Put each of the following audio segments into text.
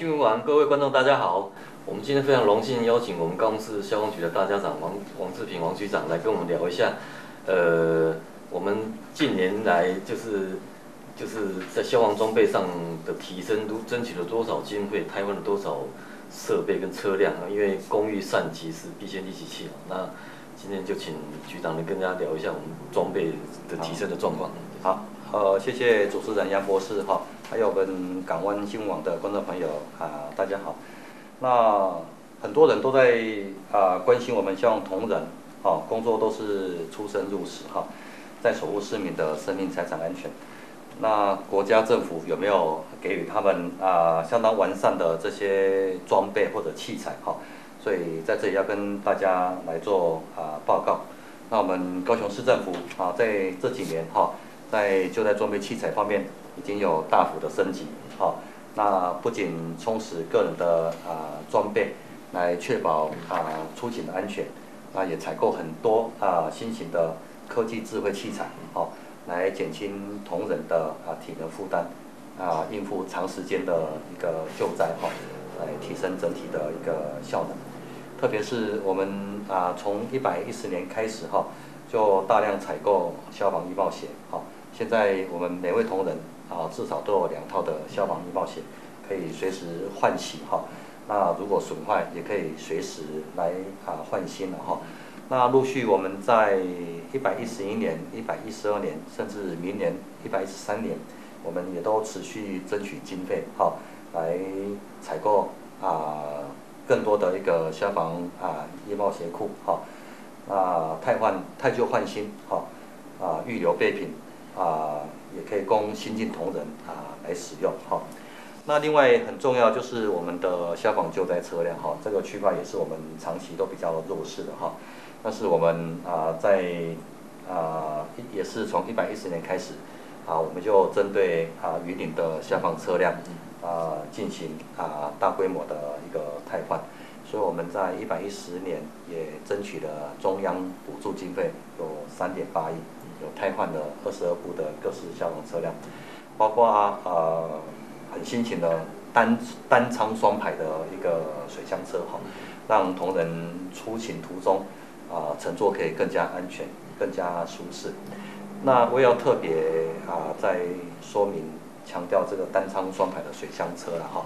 新聞網各位觀眾，大家好。我們今天非常榮幸邀請我們高雄市消防局的大家長王王志平王局長來跟我們聊一下，呃，我們近年來就是就是在消防裝備上的提升，都爭取了多少經費，汰換了多少設備跟車輛？因為工欲善其事，必先利其器。那今天就請局長來跟大家聊一下我們裝備的提升的狀況。好，好、呃，謝謝主持人楊博士哈。好還有我們港灣新聞網的觀眾朋友啊，大家好。那很多人都在啊關心我們像同仁，哈、啊，工作都是出生入死哈、啊，在守護市民的生命財產安全。那國家政府有沒有給予他們啊相當完善的這些裝備或者器材哈、啊？所以在這裡要跟大家來做啊報告。那我們高雄市政府啊在這幾年哈、啊，在救災裝備器材方面，已經有大幅的升級，好，那不僅充實個人的啊、呃、裝備，來確保啊、呃、出行的安全，那、啊、也採購很多啊新型的科技智慧器材，好、哦，來減輕同仁的啊體能負擔，啊，應付長時間的一個救災，哈、哦，來提升整體的一個效能，特別是我們啊從一百一十年開始，哈、哦，就大量採購消防預報險，哈、哦。現在我們每位同仁啊，至少都有兩套的消防衣帽鞋，可以隨時換洗哈。那如果損壞，也可以隨時來啊換新的哈。那陸續我們在一百一十一年、一百一十二年，甚至明年一百一十三年，我們也都持續爭取經費哈，來採購啊更多的一個消防啊衣帽鞋庫哈。啊，汰換汰舊換新哈，啊預留備品。啊、呃，也可以供新進同仁啊、呃、來使用哈。那另外很重要就是我們的消防救災車輛哈，這個區塊也是我們長期都比較弱勢的哈。但是我們啊、呃、在啊、呃、也是從一百一十年開始啊，我們就針對啊、呃、逾齡的消防車輛啊、呃、進行啊、呃、大規模的一個汰換，所以我們在一百一十年也爭取了中央補助經費有三點八億。有汰換的二十二部的各式消防車輛，包括啊、呃、很新型的單單艙雙排的一個水箱車哈，讓同仁出勤途中啊、呃、乘坐可以更加安全、更加舒適。那我也要特別啊再說明強調這個單艙雙排的水箱車了哈。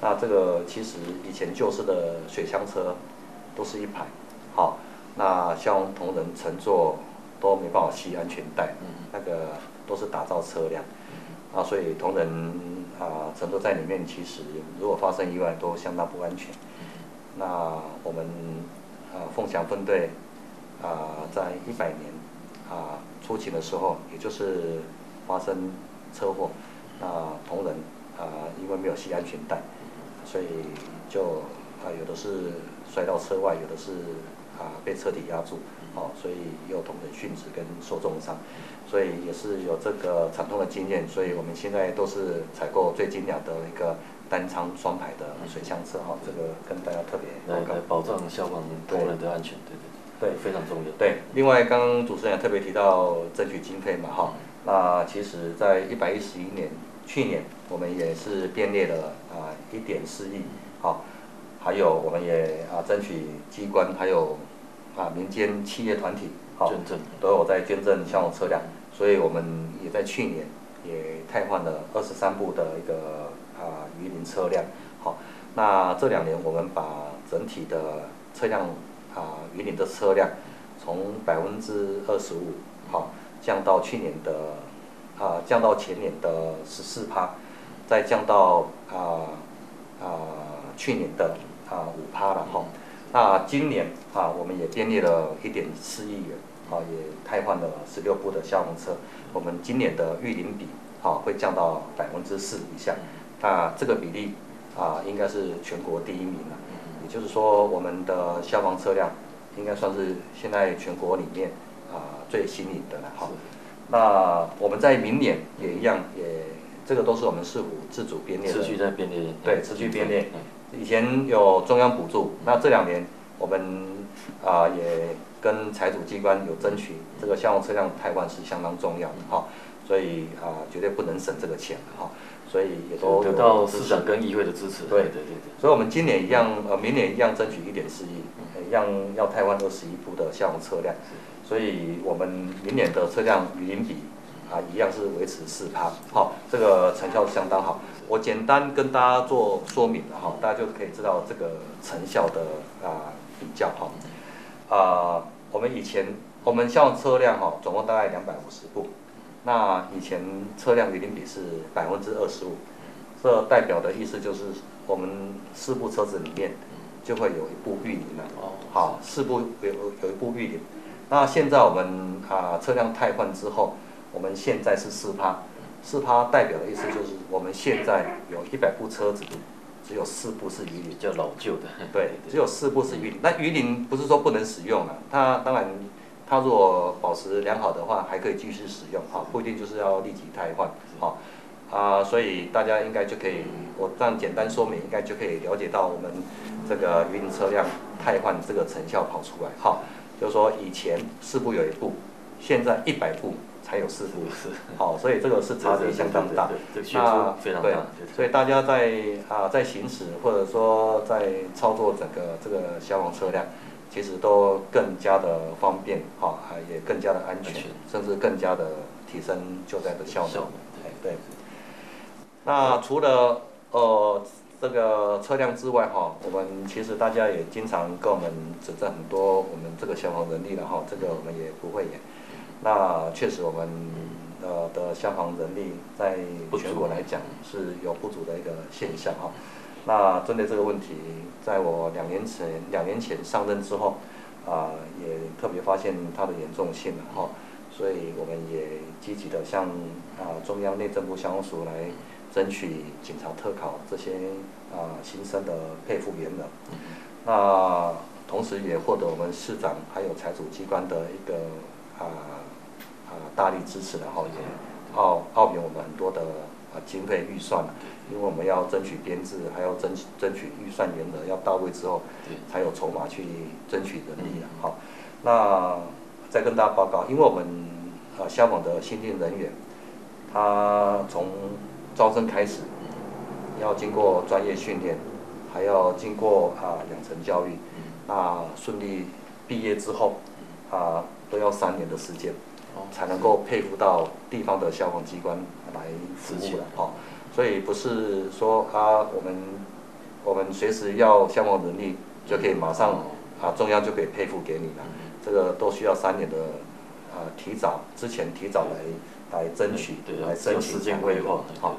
那這個其實以前舊式的水箱車都是一排，好，那像同仁乘坐。都沒辦法繫安全帶，那個都是打造車輛、嗯，啊，所以同仁啊、呃、乘坐在裡面，其實如果發生意外都相當不安全。嗯、那我們啊鳳翔分隊啊、呃、在一百年啊、呃、出勤的時候，也就是發生車禍，那同仁啊、呃、因為沒有繫安全帶，所以就啊、呃、有的是摔到車外，有的是。啊，被徹底壓住，哦，所以也有同等殉職跟受重傷，所以也是有這個慘痛的經驗，所以我們現在都是採購最精良的一個單艙雙排的水箱車，哈、哦，這個跟大家特別來保障消防人員的安全，對對對,對,對，非常重要。對，另外剛剛主持人也特別提到爭取經費嘛，哈、哦，那其實，在一百一十一年，去年我們也是編列了啊一點四億，哈。哦還有，我們也啊爭取機關，還有啊民間企業團體，好，都有在捐贈消防車輛，所以我們也在去年也汰換了二十三部的一個啊逾齡車輛，好，那這兩年我們把整體的車輛啊逾齡的車輛從百分之二十五，好，降到去年的啊降到前年的十四趴，再降到啊啊、呃呃、去年的。啊，五趴了哈。那、嗯啊、今年啊，我們也編列了一點四億元啊，也汰換了十六部的消防車。我們今年的逾齡比啊會降到百分之四以下。那、嗯啊、這個比例啊，應該是全國第一名了、啊。也就是說，我們的消防車輛應該算是現在全國裡面啊最新穎的了哈。那、啊啊、我們在明年也一樣，也這個都是我們市府自主編列的。持續在編列。對，持續編列。嗯嗯以前有中央補助，那這兩年我們啊、呃、也跟財主機關有爭取，這個消防車輛汰換是相當重要的哈，所以啊、呃、絕對不能省這個錢的哈，所以也都得到市長跟議會的支持。對對對對，所以我們今年一樣，呃明年一樣爭取一點四億，一樣要汰換二十一部的消防車輛，所以我們明年的車輛逾齡比。啊，一樣是維持四趴，好、哦，這個成效相當好。我簡單跟大家做說明了哈，大家就可以知道這個成效的啊、呃、比較哈。啊、呃，我們以前我們像我們車輛哈，總共大概兩百五十部，那以前車輛逾齡比是百分之二十五，這代表的意思就是我們四部車子裡面就會有一部逾齡了。哦，好，四部有有一部逾齡。那現在我們啊車輛汰換之後。我們現在是四趴，四趴代表的意思就是我們現在有一百部車子，只有四部是逾齡，叫老舊的。對，對，只有四部是逾齡。那逾齡不是說不能使用了，它當然，它如果保持良好的話，還可以繼續使用啊，不一定就是要立即汰換。哈，啊，所以大家應該就可以，我這樣簡單說明，應該就可以了解到我們這個逾齡車輛汰換這個成效跑出來。哈，就是說以前四部有一部，現在一百部。才有事故，是，好、哦，所以這個是差別相當大，對對對對，那對，所以大家在啊、呃、在行駛或者說在操作整個這個消防車輛，其實都更加的方便哈、哦，也更加的安全，安全，甚至更加的提升救災的效率，對，對，對，對，那除了呃這個車輛之外哈、哦，我們其實大家也經常跟我們指正很多我們這個消防人力的哈、哦，這個我們也不會演。那確實，我們呃的消防人力在全國來講是有不足的一個現象哈。那針對這個問題，在我兩年前兩年前上任之後，啊，也特別發現它的嚴重性了哈。所以我們也積極的向啊中央內政部消防署來爭取警察特考這些啊新生的配賦員的。那同時也獲得我們市長還有財主機關的一個啊。大力支持的。好，然後也奧奧援我們很多的啊經費預算，因為我們要爭取編制，還要爭爭取預算原則要到位之後，才有籌碼去爭取人力啊。好，那再跟大家報告，因為我們啊、呃、消防的新進人員，他從招生開始，要經過專業訓練，還要經過啊養成教育，那順利畢業之後啊、呃、都要三年的時間。才能夠配付到地方的消防機關來服務了，哦，所以不是說啊，我們我們隨時要消防人力就可以馬上啊，中央就可以配付給你了，這個都需要三年的啊、呃，提早之前提早來來爭取，來申請規劃，好，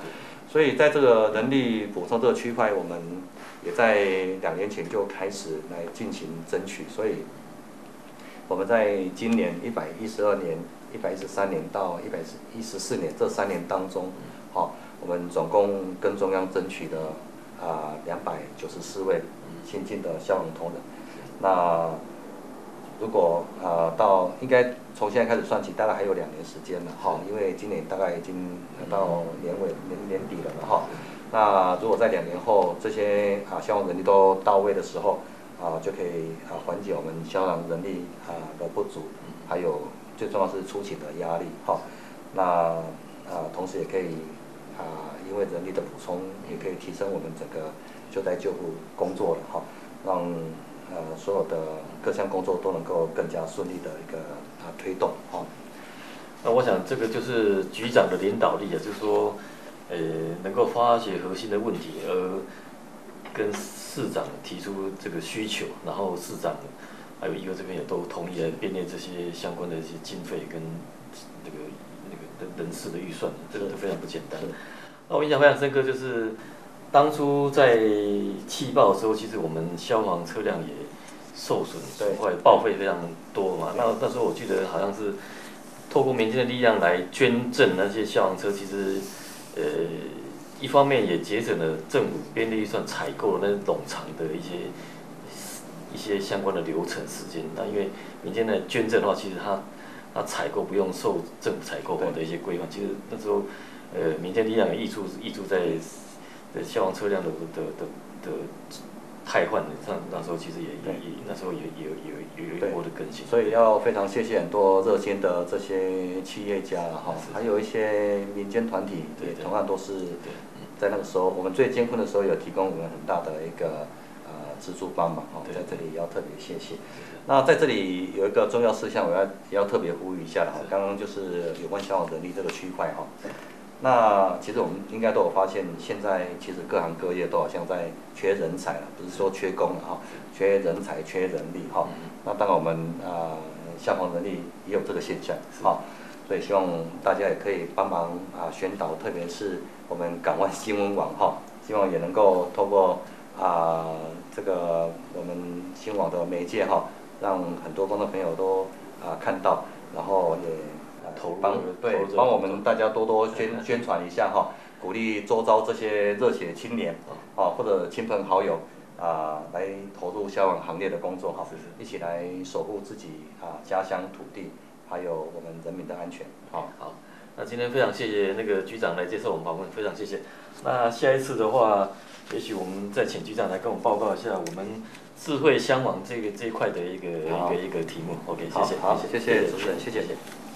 所以在這個人力補充這個區塊，我們也在兩年前就開始來進行爭取，所以。我們在今年一百一十二年、一百一十三年到一百一十四年這三年當中，好，我們總共跟中央爭取了啊兩百九十四位新進的消防同仁。那如果啊、呃、到應該從現在開始算起，大概還有兩年時間了，哈，因為今年大概已經到年尾年年底了，哈、嗯。那如果在兩年後這些啊消防人力都到位的時候，啊，就可以啊緩解我們消防人力啊的不足，還有最重要是出勤的壓力。哈。那啊，同時也可以啊，因為人力的補充，也可以提升我們整個就在救災救護工作了哈，讓呃、啊、所有的各項工作都能夠更加順利的一個啊推動。哈，那我想這個就是局長的領導力也、啊、就是說呃能夠發掘核心的問題而跟。市長提出這個需求，然後市長還有議員這邊也都同意來編列這些相關的一些經費跟這個那個人事的預算，這個都非常不簡單。那我印象非常深刻，就是當初在氣爆的時候，其實我們消防車輛也受損損壞、報廢非常多嘛。那那時候我記得好像是透過民間的力量來捐贈那些消防車，其實呃。一方面也節省了政府編制預算採購的那個冗長的一些一些相關的流程時間，啊。那因為民間的捐贈的話，其實他它採購不用受政府採購的，的一些規範。其實那時候，呃，民間力量也的溢出溢出在在消防車輛的的的的。的的的的汰換了，上那時候其實也也那時候也也有也也有，有一波的更新。所以要非常謝謝很多熱心的這些企業家了哈，還有一些民間團體，對，對，對，也同樣都是在那個時候，我們最艱困的時候有提供我們很大的一個呃資助幫忙哈，在這裡也要特別謝謝對對對。那在這裡有一個重要事項，我要也要特別呼籲一下了哈，剛剛就是有關消防人力這個區塊哈。那其實我們應該都有發現，現在其實各行各業都好像在缺人才了，不是說缺工了哈，缺人才、缺人力哈。那當然我們啊、呃、消防人力也有這個現象哈、哦、所以希望大家也可以幫忙啊、呃，宣導，特別是我們港灣新聞網哈，希望也能夠透過啊、呃、這個我們新網的媒介哈，讓很多觀眾朋友都啊、呃、看到，然後也。投入幫對投入，幫我們大家多多宣、啊、宣傳一下哈、哦，鼓勵周遭這些熱血青年啊、嗯、或者親朋好友啊、呃、來投入消防行列的工作哈，一起來守護自己啊家鄉土地，還有我們人民的安全好好，那今天非常謝謝那個局長來接受我們訪問，非常謝謝。那下一次的話，也許我們再請局長來跟我們報告一下我們智慧消防這個這一塊的一個一個一個題目。OK，好謝、謝、好好謝謝，謝謝主任，謝謝。謝謝謝謝。